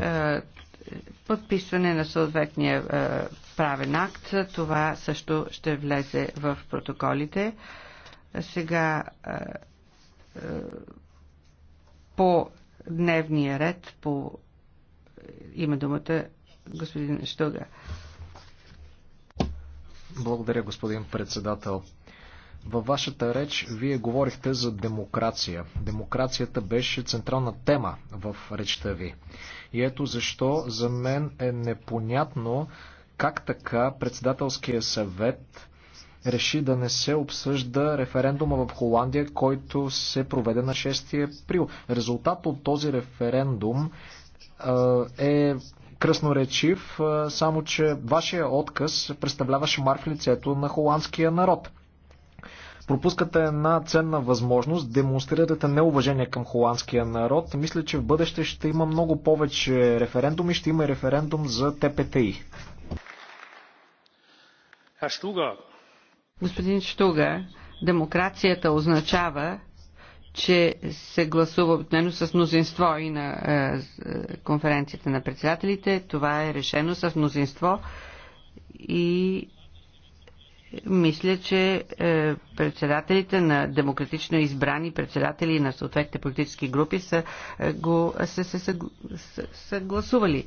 Е, подписване на съответния е, правен акт. Това също ще влезе в протоколите. Сега е, по дневния ред, по има думата господин Штуга. Благодаря, господин председател. Във вашата реч вие говорихте за демокрация. Демокрацията беше централна тема в речта ви. И ето защо за мен е непонятно как така председателския съвет реши да не се обсъжда референдума в Холандия, който се проведе на 6 април. Резултат от този референдум е кръсноречив, само че вашия отказ представляваше мар в лицето на холандския народ пропускате една ценна възможност, демонстрирате неуважение към холандския народ. Мисля, че в бъдеще ще има много повече референдуми, ще има и референдум за ТПТИ. Господин Штуга, демокрацията означава, че се гласува обикновено с мнозинство и на е, е конференцията на председателите. Това е решено с мнозинство и мисля, че е, председателите на демократично избрани председатели на съответните политически групи са е, го се, се, се, се съгласували.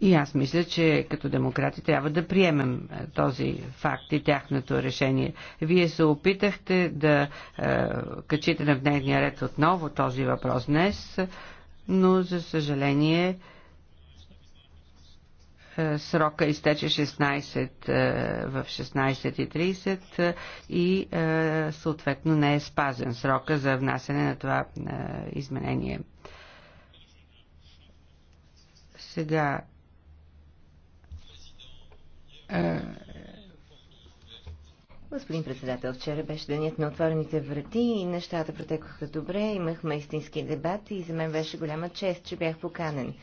И аз мисля, че като демократи трябва да приемем е, този факт и тяхното решение. Вие се опитахте да е, качите на дневния ред отново този въпрос днес, но за съжаление е, е, срока изтече 16 е, в 16.30 и е, съответно не е спазен срока за внасене на това изменение. Сега Господин председател, вчера беше денят на отворените врати и нещата протекоха добре. Имахме истински дебат и за мен беше голяма чест, че бях поканен.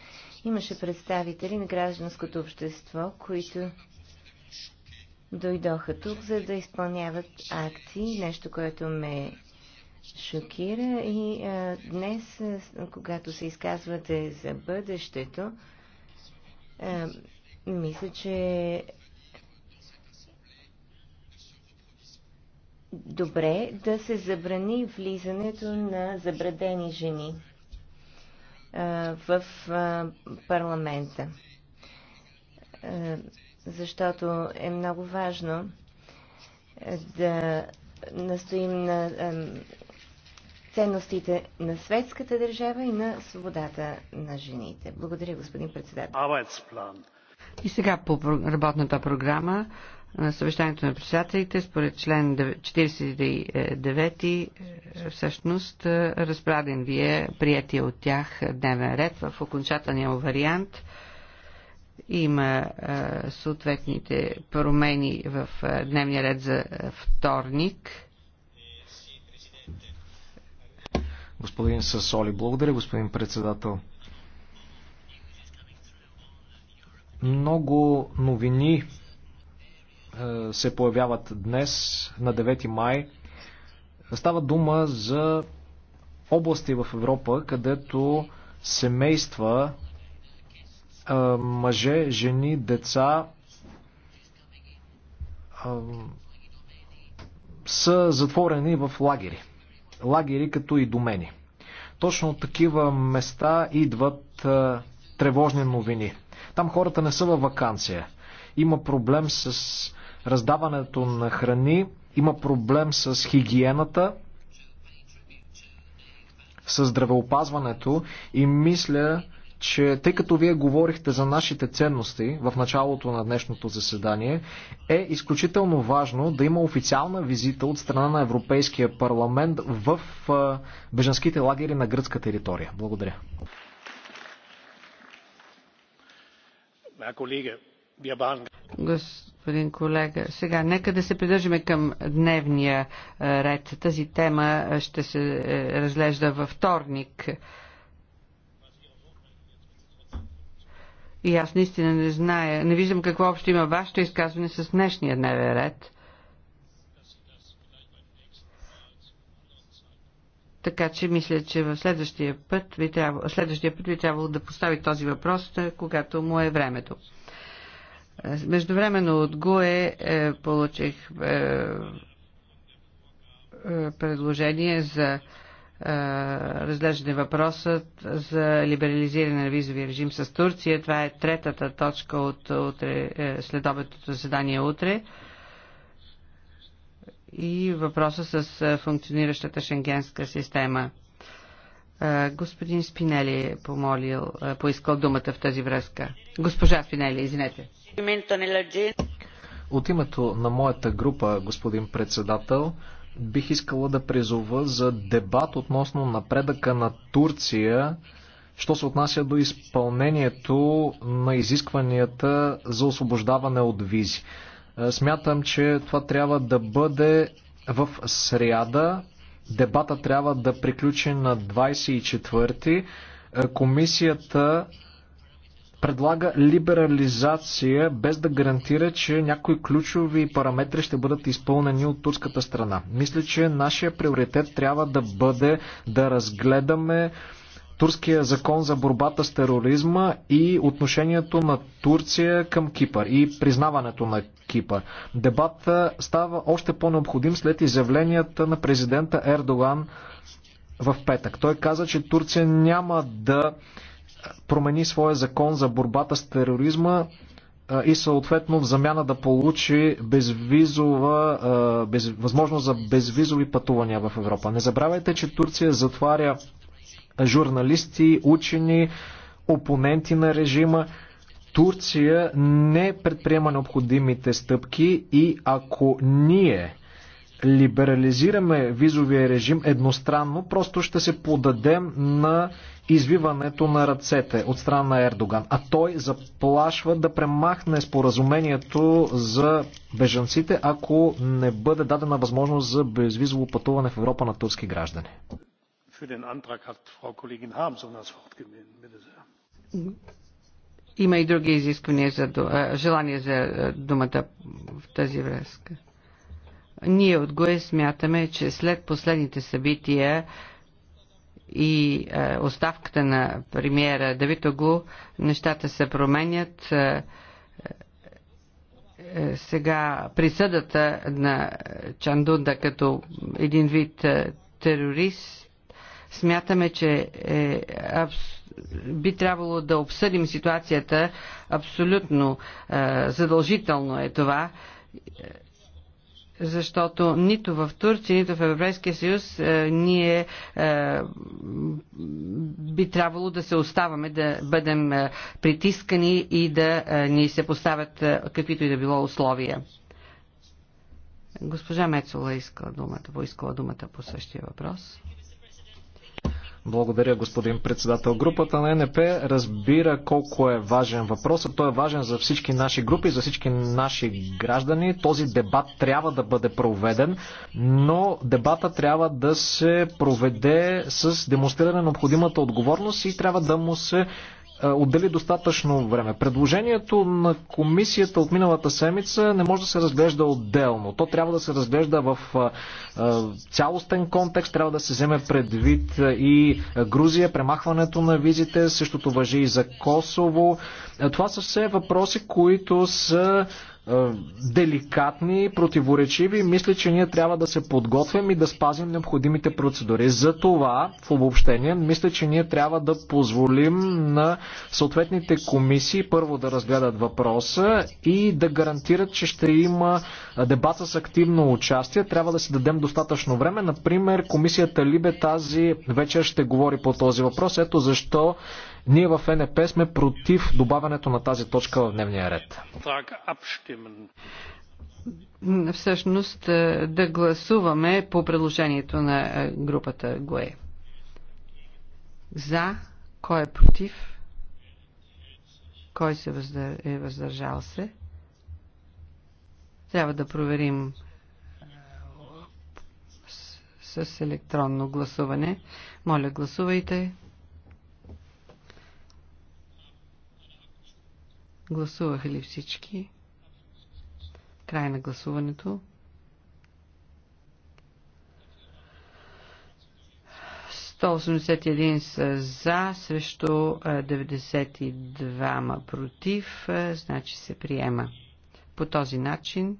Имаше представители на гражданското общество, които дойдоха тук, за да изпълняват акции, нещо, което ме шокира. И а, днес, когато се изказвате за бъдещето, а, мисля, че добре да се забрани влизането на забрадени жени в парламента. Защото е много важно да настоим на ценностите на светската държава и на свободата на жените. Благодаря, господин председател. И сега по работната програма на съвещанието на председателите, според член 49, е, всъщност е, разпраден ви е приятия от тях дневен ред в окончателния му вариант. Има е, съответните промени в дневния ред за вторник. Господин Сасоли, благодаря, господин председател. Много новини е, се появяват днес, на 9 май. Става дума за области в Европа, където семейства, е, мъже, жени, деца е, са затворени в лагери. Лагери като и домени. Точно от такива места идват тревожни новини. Там хората не са във вакансия. Има проблем с раздаването на храни, има проблем с хигиената, с здравеопазването и мисля, че тъй като вие говорихте за нашите ценности в началото на днешното заседание, е изключително важно да има официална визита от страна на Европейския парламент в беженските лагери на гръцка територия. Благодаря. Herr Kollege, Господин колега, сега нека да се придържаме към дневния е, ред. Тази тема е, ще се е, разглежда във вторник. И аз наистина не зная, не виждам какво общо има вашето изказване с днешния дневен ред. Така че мисля, че в следващия път ви, трябва, следващия път ви трябва да постави този въпрос, когато му е времето. Междувременно от ГУЕ е, получих е, е, предложение за е, разглеждане въпросът за либерализиране на визовия режим с Турция. Това е третата точка от утре, е, следобедното заседание утре. И въпроса с е, функциониращата шенгенска система. Господин Спинели е помолил, поискал думата в тази връзка. Госпожа Спинели, извинете. От името на моята група, господин председател, бих искала да призова за дебат относно напредъка на Турция, що се отнася до изпълнението на изискванията за освобождаване от визи. Смятам, че това трябва да бъде в сряда Дебата трябва да приключи на 24-ти. Е, комисията предлага либерализация без да гарантира, че някои ключови параметри ще бъдат изпълнени от турската страна. Мисля, че нашия приоритет трябва да бъде да разгледаме турския закон за борбата с тероризма и отношението на Турция към Кипър и признаването на Кипър. Дебата става още по-необходим след изявленията на президента Ердоган в петък. Той каза, че Турция няма да промени своя закон за борбата с тероризма и съответно в замяна да получи безвизова, без, възможност за безвизови пътувания в Европа. Не забравяйте, че Турция затваря журналисти, учени, опоненти на режима. Турция не предприема необходимите стъпки и ако ние либерализираме визовия режим едностранно, просто ще се подадем на извиването на ръцете от страна на Ердоган. А той заплашва да премахне споразумението за бежанците, ако не бъде дадена възможност за безвизово пътуване в Европа на турски граждани. Für den Antrag hat Frau Kollegin das Wort Има и други изисквания за желание за думата в тази връзка. Ние от ГОЕ смятаме, че след последните събития и оставката на премиера Давид Оглу, нещата се променят. Е, сега присъдата на Чандунда като един вид терорист Смятаме, че е абс... би трябвало да обсъдим ситуацията. Абсолютно е, задължително е това, защото нито в Турция, нито в Европейския съюз е, ние е, би трябвало да се оставаме, да бъдем е, притискани и да е, ни се поставят е, каквито и да било условия. Госпожа Мецола искала думата, поискала думата по същия въпрос. Благодаря, господин председател. Групата на НП разбира колко е важен въпросът. Той е важен за всички наши групи, за всички наши граждани. Този дебат трябва да бъде проведен, но дебата трябва да се проведе с демонстриране на необходимата отговорност и трябва да му се е, отдели достатъчно време. Предложението на комисията от миналата седмица не може да се разглежда отделно. То трябва да се разглежда в е, е, цялостен контекст, трябва да се вземе предвид и Грузия, премахването на визите, същото въжи и за Косово. Това са все въпроси, които са е, деликатни, противоречиви. Мисля, че ние трябва да се подготвим и да спазим необходимите процедури. За това, в обобщение, мисля, че ние трябва да позволим на съответните комисии първо да разгледат въпроса и да гарантират, че ще има дебат с активно участие. Трябва да си дадем достатъчно време. Например, комисията Либе тази вечер ще говори по този въпрос. Ето защо ние в НП сме против добавянето на тази точка в дневния ред. Всъщност е, да гласуваме по предложението на е, групата ГОЕ. За, кой е против, кой се е въздържал се. Трябва да проверим е, с електронно гласуване. Моля, гласувайте. Гласуваха ли всички? Край на гласуването. са за, срещу 92 против, значи се приема. По този начин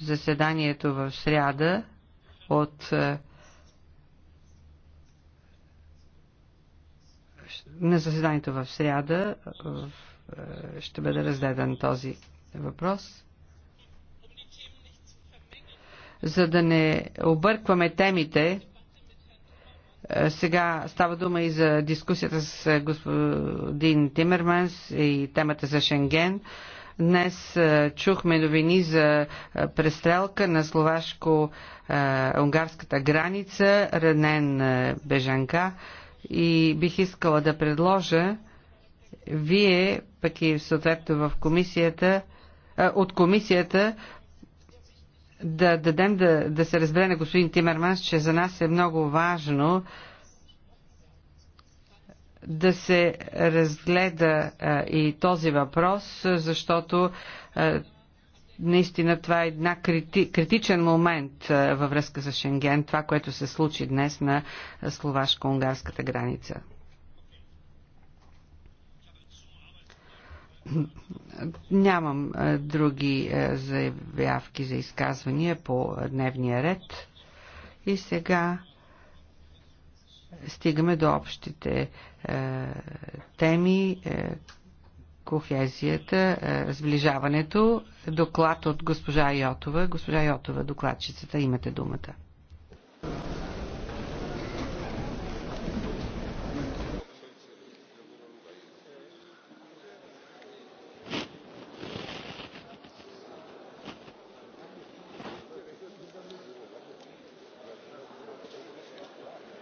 заседанието в сряда от на заседанието в сряда е, ще бъде разгледан този въпрос. За да не объркваме темите, е, сега става дума и за дискусията с господин Тимерманс и темата за Шенген. Днес е, чухме новини за престрелка на словашко-унгарската граница, ранен бежанка и бих искала да предложа вие, пък и съответно в комисията, от комисията да дадем да, да се разбере на господин Тимерманс, че за нас е много важно да се разгледа и този въпрос, защото наистина това е една крити, критичен момент във връзка с Шенген, това, което се случи днес на словашко-унгарската граница. Нямам други заявявки за изказвания по дневния ред. И сега стигаме до общите е, теми, е, кохезията, е, сближаването. Доклад от госпожа Йотова. Госпожа Йотова, докладчицата, имате думата.